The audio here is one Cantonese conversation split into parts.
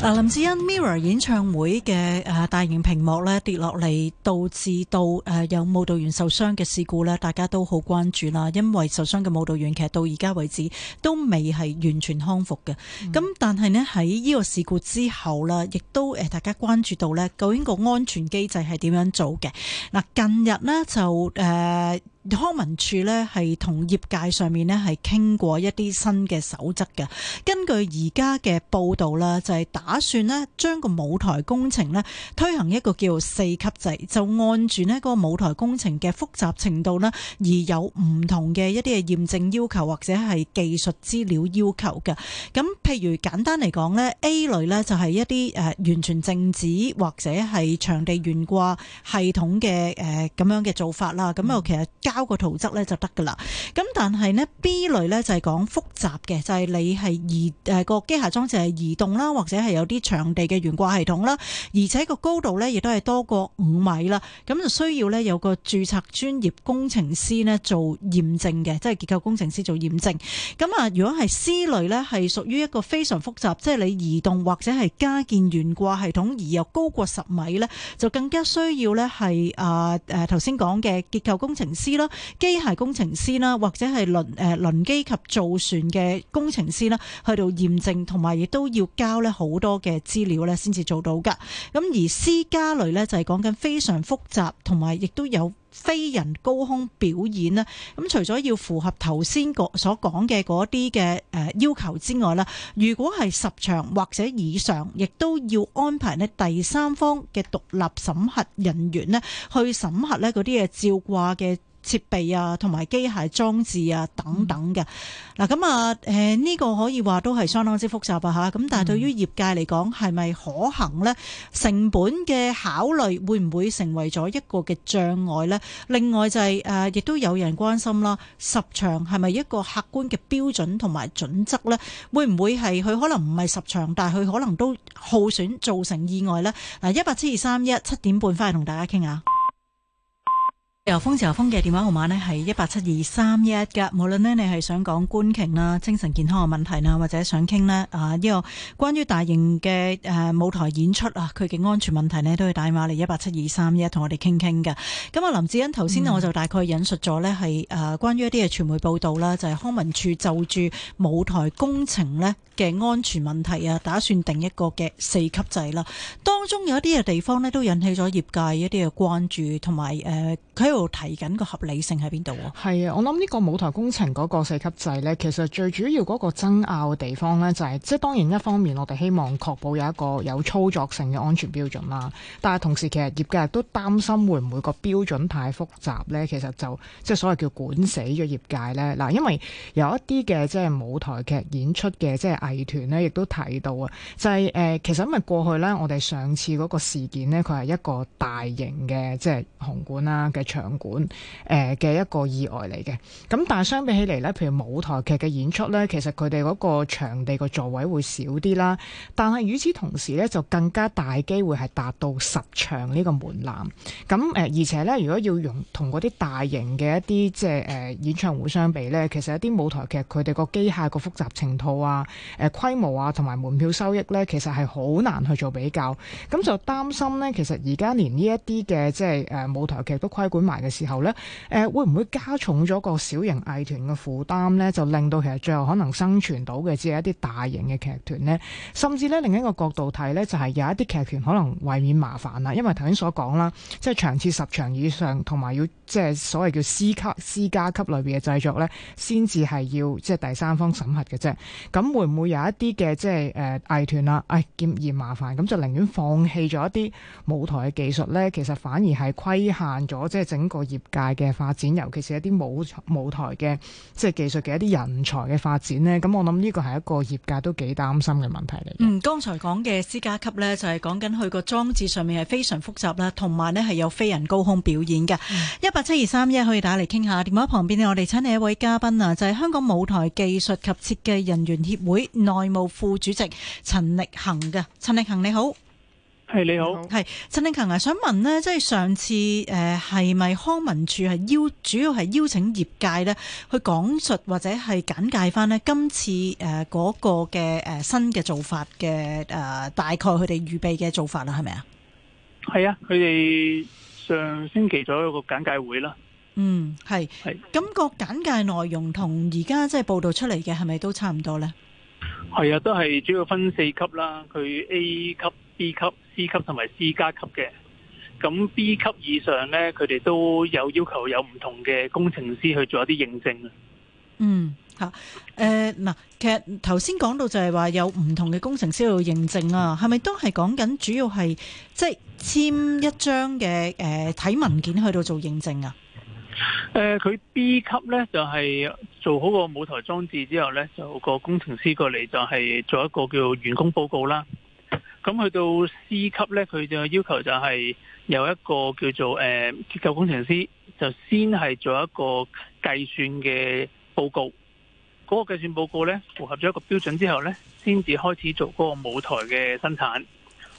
林志恩 Mirror 演唱會嘅誒大型屏幕咧跌落嚟，導致到誒有舞蹈員受傷嘅事故咧，大家都好關注啦。因為受傷嘅舞蹈員其實到而家為止都未係完全康復嘅。咁、嗯、但係呢，喺呢個事故之後呢，亦都誒大家關注到呢，究竟個安全機制係點樣做嘅？嗱，近日呢，就、呃、誒。康文署呢，係同業界上面呢，係傾過一啲新嘅守則嘅，根據而家嘅報道啦，就係、是、打算呢將個舞台工程呢推行一個叫四級制，就按住，呢個舞台工程嘅複雜程度呢，而有唔同嘅一啲嘅驗證要求或者係技術資料要求嘅。咁譬如簡單嚟講呢，A 類呢，就係一啲誒完全靜止或者係場地懸掛系統嘅誒咁樣嘅做法啦。咁啊其實。交個圖則咧就得噶啦。咁但係咧 B 類咧就係講複雜嘅，就係你係移誒個機械裝置係移動啦，或者係有啲場地嘅懸掛系統啦，而且個高度咧亦都係多過五米啦。咁就需要咧有個註冊專業工程師咧做驗證嘅，即係結構工程師做驗證。咁啊，如果係 C 類咧，係屬於一個非常複雜，即係你移動或者係加建懸掛系統而又高過十米咧，就更加需要咧係誒誒頭先講嘅結構工程師啦。機械工程師啦，或者係輪誒輪機及造船嘅工程師啦，去到驗證同埋亦都要交咧好多嘅資料咧，先至做到㗎。咁而私家類呢，就係講緊非常複雜，同埋亦都有飛人高空表演啦。咁除咗要符合頭先所講嘅嗰啲嘅誒要求之外咧，如果係十場或者以上，亦都要安排咧第三方嘅獨立審核人員咧去審核咧嗰啲嘅照掛嘅。設備啊，同埋機械裝置啊，等等嘅嗱，咁、嗯、啊，呢、呃呢個可以話都係相當之複雜啊，咁但係對於業界嚟講係咪可行呢？成本嘅考慮會唔會成為咗一個嘅障礙呢？另外就係、是呃、亦都有人關心啦，十場係咪一個客觀嘅標準同埋準則呢？會唔會係佢可能唔係十場，但係佢可能都耗損造成意外呢？嗱，一八七二三一七點半翻嚟同大家傾下。自由風自由風嘅電話號碼呢係一八七二三一一嘅。無論呢，你係想講觀劇啦、精神健康嘅問題啦，或者想傾呢啊呢個關於大型嘅誒、呃、舞台演出啊，佢嘅安全問題呢，都可以打電話嚟一八七二三一一同我哋傾傾嘅。咁啊林志欣頭先呢，我就大概引述咗呢係誒關於一啲嘅傳媒報道啦，就係、是、康文署就住舞台工程呢，嘅安全問題啊，打算定一個嘅四級制啦。當中有一啲嘅地方咧，都引起咗業界一啲嘅關注，同埋誒，喺、呃、度提緊個合理性喺邊度？啊。係啊，我諗呢個舞台工程嗰個四級制咧，其實最主要嗰個爭拗嘅地方咧、就是，就係即係當然一方面，我哋希望確保有一個有操作性嘅安全標準啦。但係同時其實業界都擔心會唔會個標準太複雜咧。其實就即係、就是、所謂叫管死咗業界咧。嗱，因為有一啲嘅即係舞台劇演出嘅即係。藝團咧亦都提到啊，就係、是、誒、呃，其實因為過去咧，我哋上次嗰個事件呢，佢係一個大型嘅即係紅館啦、啊、嘅場館誒嘅、呃、一個意外嚟嘅。咁但係相比起嚟咧，譬如舞台劇嘅演出咧，其實佢哋嗰個場地個座位會少啲啦，但係與此同時咧，就更加大機會係達到十場呢個門檻。咁、嗯、誒、呃，而且咧，如果要用同嗰啲大型嘅一啲即係誒、呃、演唱會相比咧，其實一啲舞台劇佢哋個機械個複雜程度啊～誒、呃、規模啊，同埋門票收益呢，其實係好難去做比較。咁就擔心呢，其實而家連呢一啲嘅即係誒、呃、舞台劇都規管埋嘅時候呢，誒、呃、會唔會加重咗個小型藝團嘅負擔呢？就令到其實最後可能生存到嘅只係一啲大型嘅劇團呢。甚至呢，另一個角度睇呢，就係、是、有一啲劇團可能為免麻煩啦，因為頭先所講啦，即係場次十場以上，同埋要即係所謂叫 C 級、C 加級裏邊嘅製作呢，先至係要即係第三方審核嘅啫。咁會唔會？有一啲嘅即係誒、呃、藝團啦，誒嫌嫌麻煩，咁就寧願放棄咗一啲舞台嘅技術咧，其實反而係規限咗即係整個業界嘅發展，尤其是一啲舞舞台嘅即係技術嘅一啲人才嘅發展咧。咁我諗呢個係一個業界都幾擔心嘅問題嚟。嗯，剛才講嘅私家級咧，就係講緊佢個裝置上面係非常複雜啦，同埋咧係有飛人高空表演嘅。一八七二三一可以打嚟傾下。電話旁邊咧，我哋請嚟一位嘉賓啊，就係、是、香港舞台技術及設計人員協會。內務副主席陳力恒嘅陳力恒，你好。係你好，係陳力恒啊！想問呢，即係上次誒、係、呃、咪康文署係邀主要係邀請業界呢去講述或者係簡介返呢今次誒嗰、呃那個嘅誒新嘅做法嘅誒、呃、大概佢哋預備嘅做法啦，係咪啊？係啊，佢哋上星期做一個簡介會啦。嗯，係，係咁個簡介內容同而家即係報道出嚟嘅係咪都差唔多呢？.係啊，都係主要分四級啦。佢 A 級、B 級、C 級同埋 C 加級嘅。咁 B 級以上呢，佢哋都有要求有唔同嘅工程師去做一啲認證啊。嗯，吓誒，嗱，其實頭先講到就係話有唔同嘅工程師去認證啊，係咪都係講緊主要係即係簽一張嘅誒睇文件去到做認證啊？誒、呃，佢 B 級呢，就係、是、做好個舞台裝置之後呢，就個工程師過嚟就係做一個叫做完工報告啦。咁去到 C 級呢，佢嘅要求就係有一個叫做誒、呃、結構工程師，就先係做一個計算嘅報告。嗰、那個計算報告呢，符合咗一個標準之後呢，先至開始做嗰個舞台嘅生產。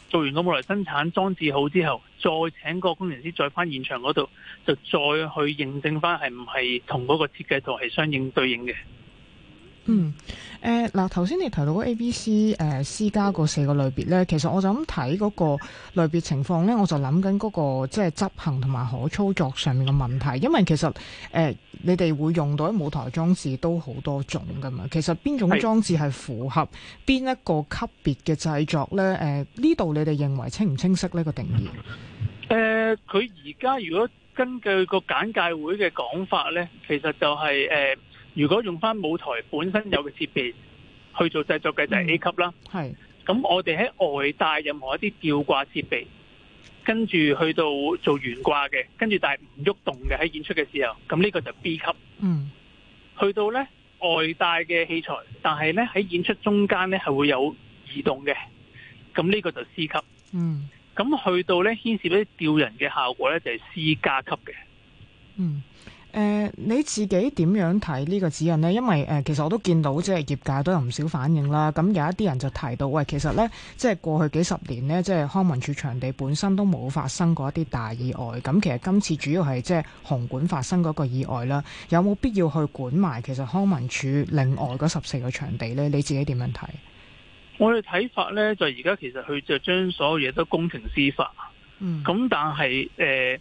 做完個冇來生產裝置好之後，再請個工程師再返現場嗰度，就再去認證返係唔係同嗰個設計圖係相應對應嘅。嗯，誒、呃、嗱，頭先你提到 A、B、C 誒私家個四個類別咧，其實我就咁睇嗰個類別情況咧，我就諗緊嗰個即係、就是、執行同埋可操作上面嘅問題，因為其實誒、呃、你哋會用到嘅舞台裝置都好多種㗎嘛，其實邊種裝置係符合邊一個級別嘅製作咧？誒呢度你哋認為清唔清晰呢個定義？誒、呃，佢而家如果根據個簡介會嘅講法咧，其實就係、是、誒。呃如果用翻舞台本身有嘅設備去做製作嘅就係 A 級啦，係、嗯。咁我哋喺外帶任何一啲吊掛設備，跟住去到做懸掛嘅，跟住但係唔喐動嘅喺演出嘅時候，咁呢個就係 B 級。嗯。去到呢外帶嘅器材，但係呢喺演出中間呢係會有移動嘅，咁呢個就係 C 級。嗯。咁去到呢牽涉到啲吊人嘅效果呢，就係 C 加級嘅。嗯。誒、呃，你自己點樣睇呢個指引呢？因為誒、呃，其實我都見到即係、呃、業界都有唔少反應啦。咁有一啲人就提到，喂，其實呢，即係過去幾十年呢，即係康文署場地本身都冇發生過一啲大意外。咁其實今次主要係即係紅館發生嗰個意外啦。有冇必要去管埋其實康文署另外嗰十四個場地呢？你自己點樣睇？我嘅睇法呢，就而家其實佢就將所有嘢,都工程司法。咁、嗯、但係誒。呃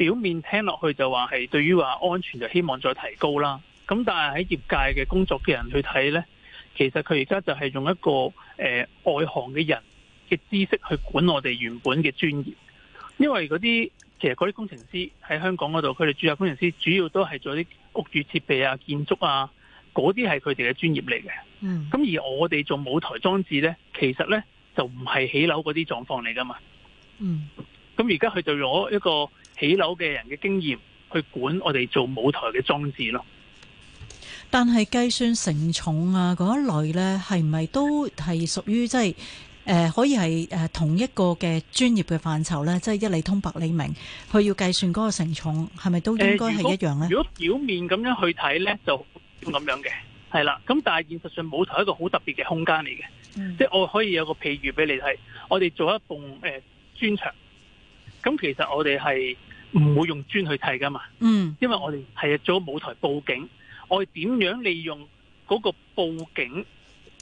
表面聽落去就話係對於話安全就希望再提高啦，咁但係喺業界嘅工作嘅人去睇呢，其實佢而家就係用一個、呃、外行嘅人嘅知識去管我哋原本嘅專業，因為嗰啲其實嗰啲工程師喺香港嗰度，佢哋註冊工程師主要都係做啲屋宇設備啊、建築啊，嗰啲係佢哋嘅專業嚟嘅。嗯，咁而我哋做舞台裝置呢，其實呢就唔係起樓嗰啲狀況嚟噶嘛。嗯，咁而家佢就攞一個，起樓嘅人嘅經驗去管我哋做舞台嘅裝置咯。但係計算承重啊嗰類咧，係咪都係屬於即係誒可以係誒同一個嘅專業嘅範疇咧？即係一理通百理明，佢要計算嗰個承重係咪都應該係一樣咧？呃，如果表面咁樣去睇咧，就咁樣嘅係啦。咁但係現實上舞台係一個好特別嘅空間嚟嘅，即係我可以有個譬如俾你睇，我哋做一部誒專場。咁其實我哋係唔會用磚去砌㗎嘛，嗯，因為我哋係做舞台佈景，我哋點樣利用嗰個佈景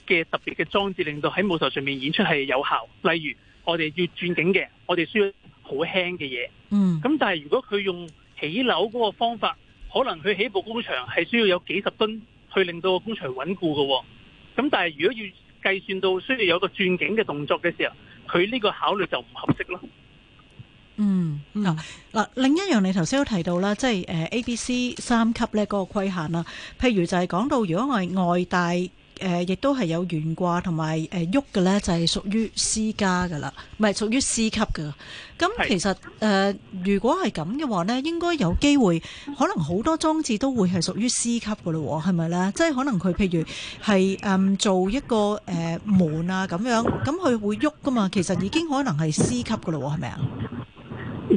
嘅特別嘅裝置，令到喺舞台上面演出係有效。例如我哋要轉景嘅，我哋需要好輕嘅嘢，嗯。咁但係如果佢用起樓嗰個方法，可能佢起步工場係需要有幾十噸去令到個工場穩固嘅、哦，咁但係如果要計算到需要有個轉景嘅動作嘅時候，佢呢個考慮就唔合適咯。嗯嗱嗱、嗯啊，另一樣你頭先都提到啦，即係 A、B、呃、C 三級咧個、那個規限啦。譬如就係講到，如果我係外帶亦、呃、都係有懸掛同埋誒喐嘅咧，呃、就係屬於 C 加噶啦，唔係屬於 C 級嘅。咁其實誒、呃，如果係咁嘅話呢，應該有機會可能好多裝置都會係屬於 C 級噶咯、哦，係咪咧？即、就、係、是、可能佢譬如係誒、嗯、做一個誒、呃、門啊咁樣，咁佢會喐噶嘛？其實已經可能係 C 級噶咯，係咪啊？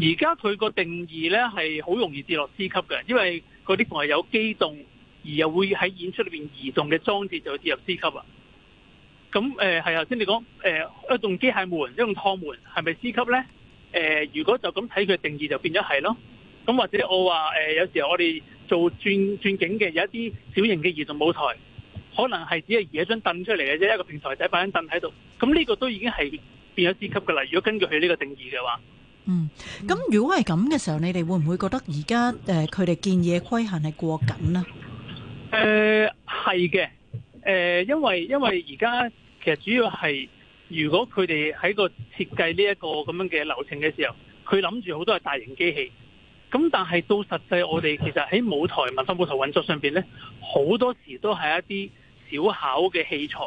而家佢個定義呢，係好容易跌落 C 級嘅，因為嗰啲嘢有機動而又會喺演出裏邊移動嘅裝置就會跌入 C 級啊。咁誒係頭先你講誒、呃、一棟機械門，一棟趟門係咪 C 級呢？誒、呃、如果就咁睇佢定義就變咗係咯。咁或者我話誒、呃、有時候我哋做轉轉景嘅有一啲小型嘅移動舞台，可能係只係移一張凳出嚟嘅啫，一個平台仔擺張凳喺度，咁呢個都已經係變咗 C 級嘅啦。如果根據佢呢個定義嘅話。嗯，咁如果係咁嘅時候，你哋會唔會覺得而家誒佢哋建議嘅規限係過緊呢？誒係嘅，誒、呃、因為因為而家其實主要係如果佢哋喺個設計呢一個咁樣嘅流程嘅時候，佢諗住好多係大型機器，咁但係到實際我哋其實喺舞台、文化舞台運作上邊呢，好多時都係一啲小巧嘅器材。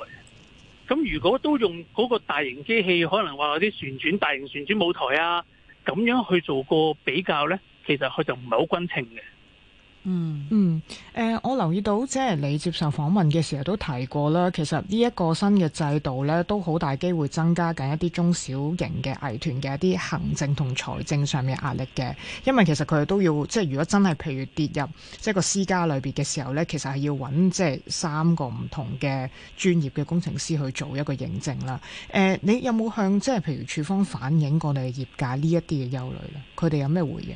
咁如果都用嗰個大型機器，可能話有啲旋轉大型旋轉舞台啊，咁樣去做個比較咧，其實佢就唔係好均稱嘅。嗯嗯，誒、嗯呃，我留意到即係你接受訪問嘅時候都提過啦，其實呢一個新嘅制度咧，都好大機會增加緊一啲中小型嘅藝團嘅一啲行政同財政上面壓力嘅，因為其實佢哋都要即係如果真係譬如跌入即係個私家裏面嘅時候咧，其實係要揾即係三個唔同嘅專業嘅工程師去做一個認證啦。誒、呃，你有冇向即係譬如處方反映過你嘅業界呢一啲嘅憂慮咧？佢哋有咩回應？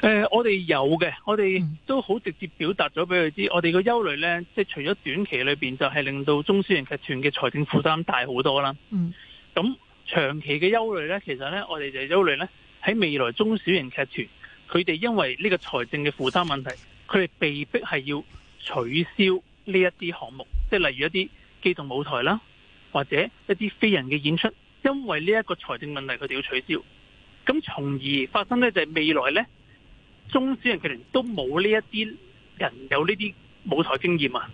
誒、呃，我哋有嘅，我哋都好直接表達咗俾佢知。我哋個憂慮呢，即係除咗短期裏邊就係、是、令到中小型劇團嘅財政負擔大好多啦。嗯，咁長期嘅憂慮呢，其實呢，我哋就係憂慮呢喺未來中小型劇團，佢哋因為呢個財政嘅負擔問題，佢哋被迫係要取消呢一啲項目，即係例如一啲機動舞台啦，或者一啲非人嘅演出，因為呢一個財政問題，佢哋要取消。咁從而發生呢，就係未來呢。中小型劇團都冇呢一啲人有呢啲舞台經驗啊！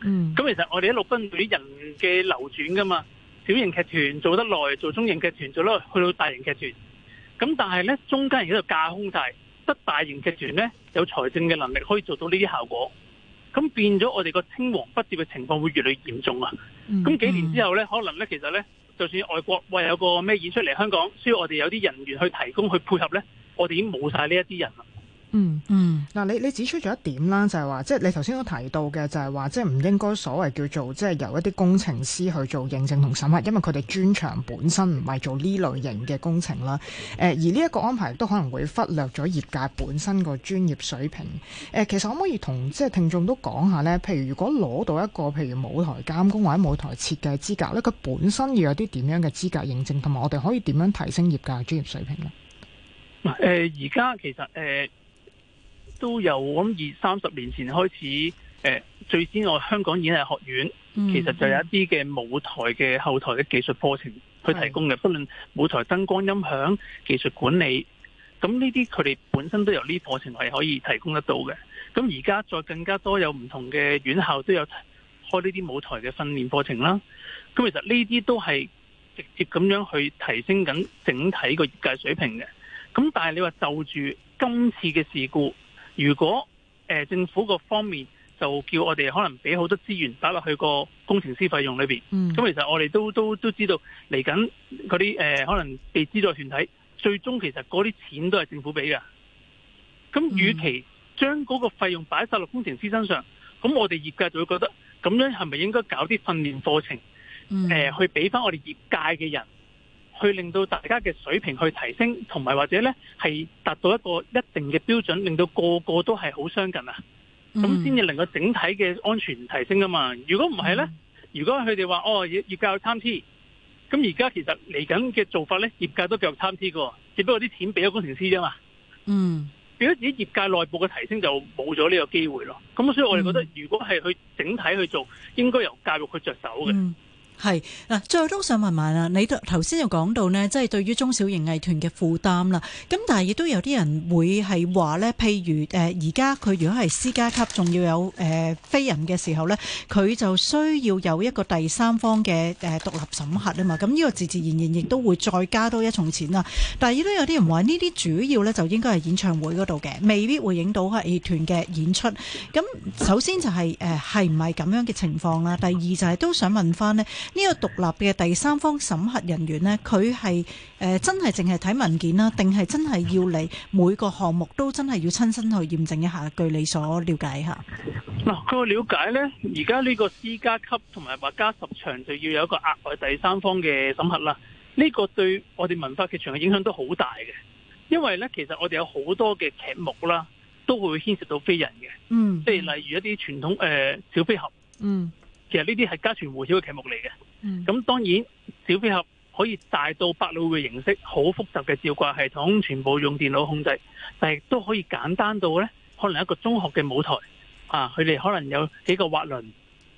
咁、嗯、其實我哋一路班嗰啲人嘅流轉㗎嘛，小型劇團做得耐，做中型劇團做得耐，去到大型劇團。咁但係呢，中間人喺度架空晒，得大型劇團呢，有財政嘅能力可以做到呢啲效果。咁變咗我哋個青黃不接嘅情況會越嚟越嚴重啊！咁、嗯、幾年之後呢，可能呢，其實呢，就算外國喂有個咩演出嚟香港，需要我哋有啲人員去提供去配合呢，我哋已經冇晒呢一啲人啦。嗯嗯，嗱、嗯啊，你你指出咗一點啦，就係、是、話，即、就、係、是、你頭先都提到嘅，就係、是、話，即係唔應該所謂叫做即係、就是、由一啲工程師去做認證同審核，因為佢哋專長本身唔係做呢類型嘅工程啦。誒、呃，而呢一個安排都可能會忽略咗業界本身個專業水平。誒、呃，其實可唔可以同即係、呃、聽眾都講下呢？譬如如果攞到一個譬如舞台監工或者舞台設計資格呢，佢本身要有啲點樣嘅資格認證，同埋我哋可以點樣提升業界嘅專業水平呢？嗱、呃，誒，而家其實誒。呃都有。我諗二三十年前開始，誒、呃，最先我香港演藝學院、mm -hmm. 其實就有一啲嘅舞台嘅後台嘅技術課程去提供嘅，mm -hmm. 不論舞台燈光音、音響技術管理，咁呢啲佢哋本身都有呢課程係可以提供得到嘅。咁而家再更加多有唔同嘅院校都有開呢啲舞台嘅訓練課程啦。咁其實呢啲都係直接咁樣去提升緊整體個業界水平嘅。咁但係你話就住今次嘅事故。如果誒、呃、政府個方面就叫我哋可能俾好多資源擺落去個工程師費用裏邊，咁、嗯、其實我哋都都都知道嚟緊嗰啲誒可能被資助團體最終其實嗰啲錢都係政府俾嘅。咁，與其將嗰個費用擺喺曬落工程師身上，咁我哋業界就會覺得咁樣係咪應該搞啲訓練課程誒、呃、去俾翻我哋業界嘅人？去令到大家嘅水平去提升，同埋或者呢，係達到一個一定嘅標準，令到個個都係好相近啊，咁先至能夠整體嘅安全提升啊嘛。如果唔係呢、嗯，如果佢哋話哦，業界有參差，咁而家其實嚟緊嘅做法呢，業界都繼續參差噶只不過啲錢俾咗工程師啫嘛。嗯，俾咗自己業界內部嘅提升就冇咗呢個機會咯。咁所以我哋覺得，如果係去整體去做，應該由教育去着手嘅。嗯係嗱，最後都想問埋啦，你頭先又講到呢，即係對於中小型藝團嘅負擔啦。咁但係亦都有啲人會係話呢，譬如誒而家佢如果係私家級，仲要有誒、呃、飛人嘅時候呢，佢就需要有一個第三方嘅誒獨立審核啊嘛。咁呢個自自然然亦都會再加多一重錢啦。但係亦都有啲人話呢啲主要呢，就應該係演唱會嗰度嘅，未必會影到藝團嘅演出。咁首先就係誒係唔係咁樣嘅情況啦。第二就係、是、都想問翻呢。呢、這個獨立嘅第三方審核人員呢，佢係誒真係淨係睇文件啦，定係真係要你每個項目都真係要親身去驗證一下？據你所了解嚇，嗱，據我了解呢，而家呢個私家級同埋話加十場就要有一個額外第三方嘅審核啦。呢、這個對我哋文化劇場嘅影響都好大嘅，因為呢，其實我哋有好多嘅劇目啦，都會牽涉到飛人嘅，嗯，即係例如一啲傳統誒、呃、小飛俠，嗯。其實呢啲係家傳戶曉嘅劇目嚟嘅，咁、嗯、當然小飛俠可以大到百老匯嘅形式好複雜嘅照掛系統，全部用電腦控制，但係都可以簡單到呢，可能一個中學嘅舞台啊，佢哋可能有幾個滑輪，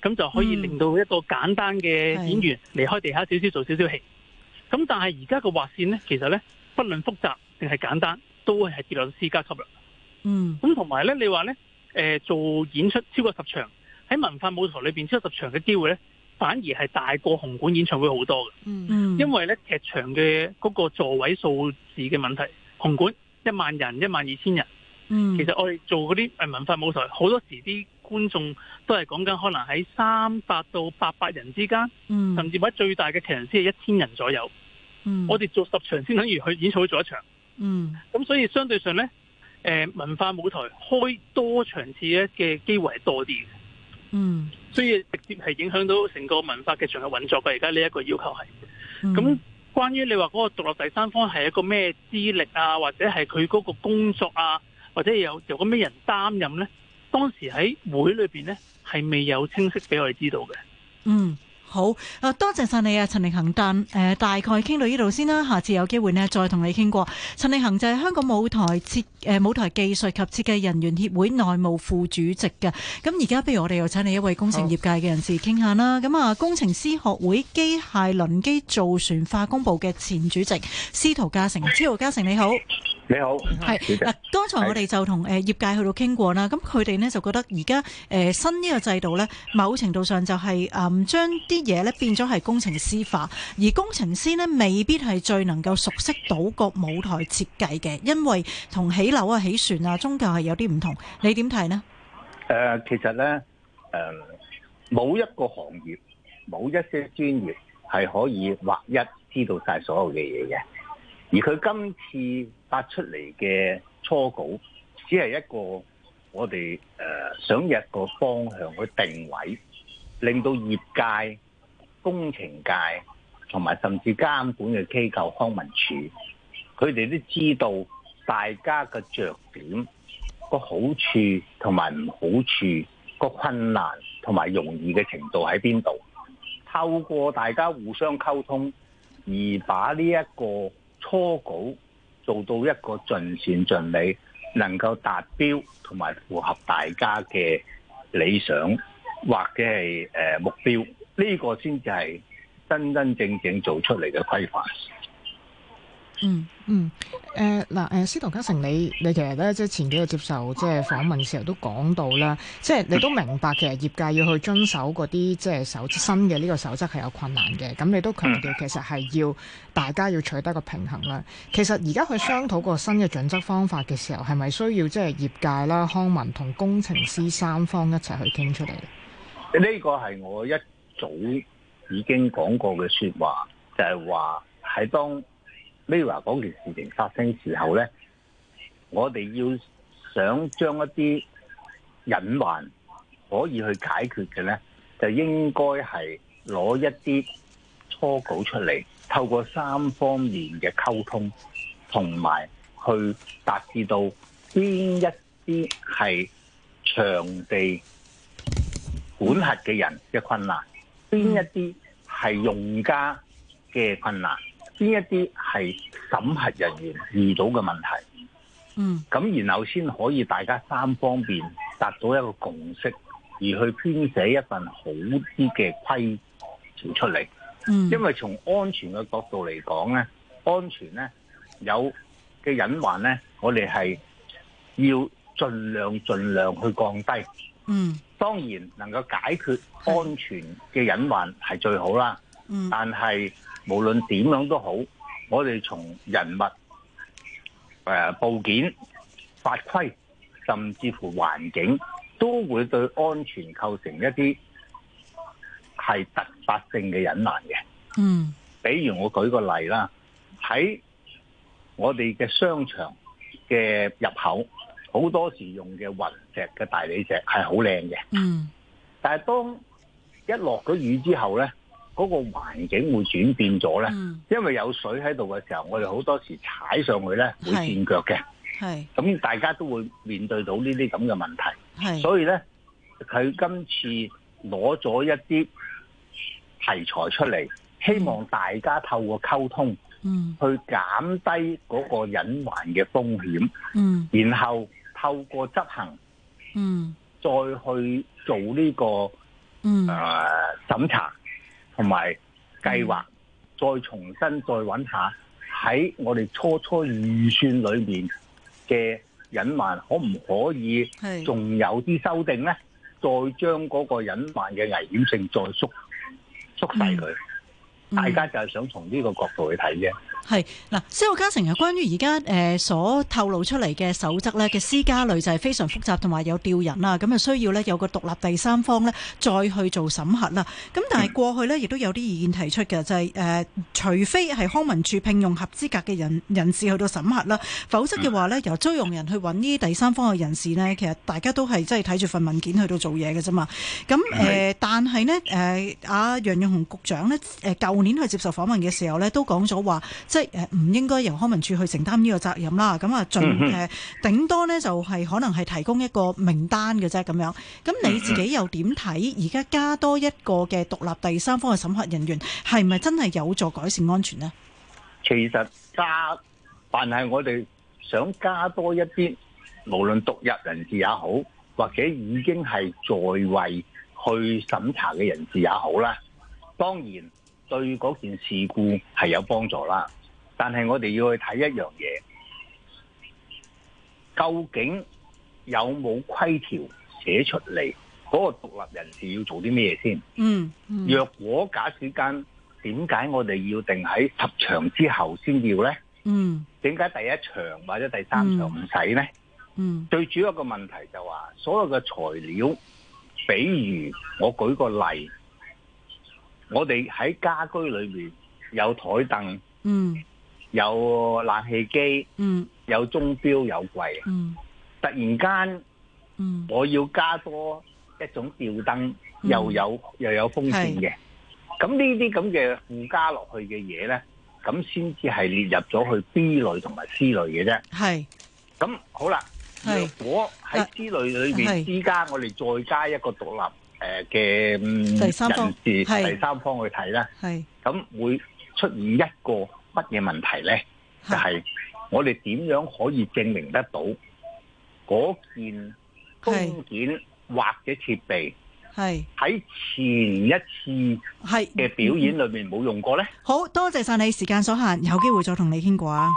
咁就可以令到一個簡單嘅演員離開地下少少做少少戲。咁、嗯、但係而家個滑線呢，其實呢，不論複雜定係簡單，都會係跌落到四級制，嗯，咁同埋呢，你話呢，誒、呃、做演出超過十場。喺文化舞台裏邊，七十場嘅機會呢，反而係大過紅館演唱會好多嘅。嗯，因為呢劇場嘅嗰個座位數字嘅問題，紅館一萬人，一萬二千人。嗯，其實我哋做嗰啲文化舞台，好多時啲觀眾都係講緊，可能喺三百到八百人之間，嗯。甚至話最大嘅劇場先係一千人左右。嗯，我哋做十場先等於去演唱會做一場。嗯，咁所以相對上呢，誒、呃、文化舞台開多場次咧嘅機會係多啲嘅。嗯、mm.，所以直接係影響到成個文化嘅全系運作嘅，而家呢一個要求係。咁關於你話嗰個獨立第三方係一個咩資歷啊，或者係佢嗰個工作啊，或者有由嗰咩人擔任呢？當時喺會裏邊呢，係未有清晰俾我哋知道嘅。嗯、mm.。好，誒多謝晒你啊，陳力恒。但、呃、大概傾到呢度先啦，下次有機會呢，再同你傾過。陳力恒就係香港舞台設、呃、舞台技術及設計人員協會內務副主席嘅。咁而家，不如我哋又請嚟一位工程業界嘅人士傾下啦。咁啊，工程師學會機械輪機造船化工部嘅前主席司徒家成。司徒家成，你好。你好，係嗱，剛才我哋就同誒業界去到傾過啦，咁佢哋呢就覺得而家誒新呢個制度呢，某程度上就係誒將啲嘢呢變咗係工程師化，而工程師呢未必係最能夠熟悉到個舞台設計嘅，因為同起樓啊、起船啊，終究係有啲唔同。你點睇呢？誒，其實呢，誒，冇一個行業，冇一些專業係可以劃一知道晒所有嘅嘢嘅。而佢今次發出嚟嘅初稿，只係一個我哋誒想一個方向去定位，令到業界、工程界同埋甚至監管嘅機構康文署，佢哋都知道大家嘅著點個好處同埋唔好處，個困難同埋容易嘅程度喺邊度。透過大家互相溝通，而把呢、這、一個。初稿做到一個盡善盡美，能夠達標同埋符合大家嘅理想，或者係誒目標，呢個先至係真真正正做出嚟嘅規範。嗯嗯，誒，嗱，誒，司徒家成，你你其實咧，即係前幾日接受即係訪問時候都講到啦，即、嗯、係、就是、你都明白其實業界要去遵守嗰啲即係守新嘅呢個守則係有困難嘅，咁你都強調其實係要、嗯、大家要取得個平衡啦。其實而家去商討個新嘅準則方法嘅時候，係咪需要即係、就是、業界啦、康文同工程師三方一齊去傾出嚟？呢、這個係我一早已經講過嘅說話，就係話，係當。比如話，嗰件事情發生嘅時候咧，我哋要想將一啲隱患可以去解決嘅咧，就應該係攞一啲初稿出嚟，透過三方面嘅溝通，同埋去達至到邊一啲係場地管轄嘅人嘅困難，邊一啲係用家嘅困難。邊一啲係審核人員遇到嘅問題？嗯，咁然後先可以大家三方面達到一個共識，而去編寫一份好啲嘅規條出嚟。嗯，因為從安全嘅角度嚟講咧，安全咧有嘅隱患咧，我哋係要盡量盡量去降低。嗯，當然能夠解決安全嘅隱患係最好啦。嗯、但係無論點樣都好，我哋從人物、誒、呃、部件、法規，甚至乎環境，都會對安全構成一啲係突發性嘅隱患嘅。嗯，比如我舉個例啦，喺我哋嘅商場嘅入口，好多時用嘅雲石嘅大理石係好靚嘅。嗯，但係當一落咗雨之後呢。嗰、那個環境會轉變咗咧、嗯，因為有水喺度嘅時候，我哋好多時踩上去咧會跣腳嘅。咁大家都會面對到呢啲咁嘅問題。所以咧佢今次攞咗一啲題材出嚟、嗯，希望大家透過溝通，嗯，去減低嗰個隱患嘅風險，嗯，然後透過執行，嗯，再去做呢、這個，嗯，呃、審查。同埋計劃、嗯，再重新再揾下喺我哋初初預算裏面嘅隱患，可唔可以仲有啲修訂呢？再將嗰個隱患嘅危險性再縮縮細佢、嗯，大家就係想從呢個角度去睇啫。係嗱，司徒家成啊，關於而家誒所透露出嚟嘅守則呢，嘅私家類就係非常複雜同埋有吊人啦，咁啊需要呢，有個獨立第三方呢，再去做審核啦。咁但係過去呢，亦都有啲意見提出嘅，就係、是、誒、呃、除非係康文署聘用合資格嘅人人士去到審核啦，否則嘅話呢，由租用人去揾呢第三方嘅人士呢，其實大家都係真係睇住份文件去到做嘢嘅啫嘛。咁但係、呃、呢，誒、呃，阿楊潤雄局長呢，誒舊年去接受訪問嘅時候呢，都講咗話。即係唔應該由康文署去承擔呢個責任啦。咁啊，盡誒頂多呢就係可能係提供一個名單嘅啫咁樣。咁你自己又點睇？而家加多一個嘅獨立第三方嘅審核人員，係咪真係有助改善安全呢？其實加，但係我哋想加多一啲，無論獨立人士也好，或者已經係在位去審查嘅人士也好啦。當然對嗰件事故係有幫助啦。但係我哋要去睇一樣嘢，究竟有冇規條寫出嚟？嗰個獨立人士要做啲咩嘢先？嗯，若果假使間點解我哋要定喺十場之後先要呢？嗯，點解第一場或者第三場唔使呢？嗯，最主要一個問題就話，所有嘅材料，比如我舉個例，我哋喺家居裏面有枱凳。嗯。有冷氣機，嗯，有鐘錶，有櫃，嗯，突然間，嗯，我要加多一種吊燈，又有又有風扇嘅，咁呢啲咁嘅附加落去嘅嘢咧，咁先至係列入咗去 B 類同埋 C 類嘅啫。係咁好啦，如果喺 C 類裏邊之間，我哋再加一個獨立誒嘅人士第三方去睇咧，係咁會出現一個。乜嘢問題呢？就係、是、我哋點樣可以證明得到嗰件工件或者設備係喺前一次係嘅表演裏面冇用過呢？好多謝晒你，時間所限，有機會再同你傾過啊！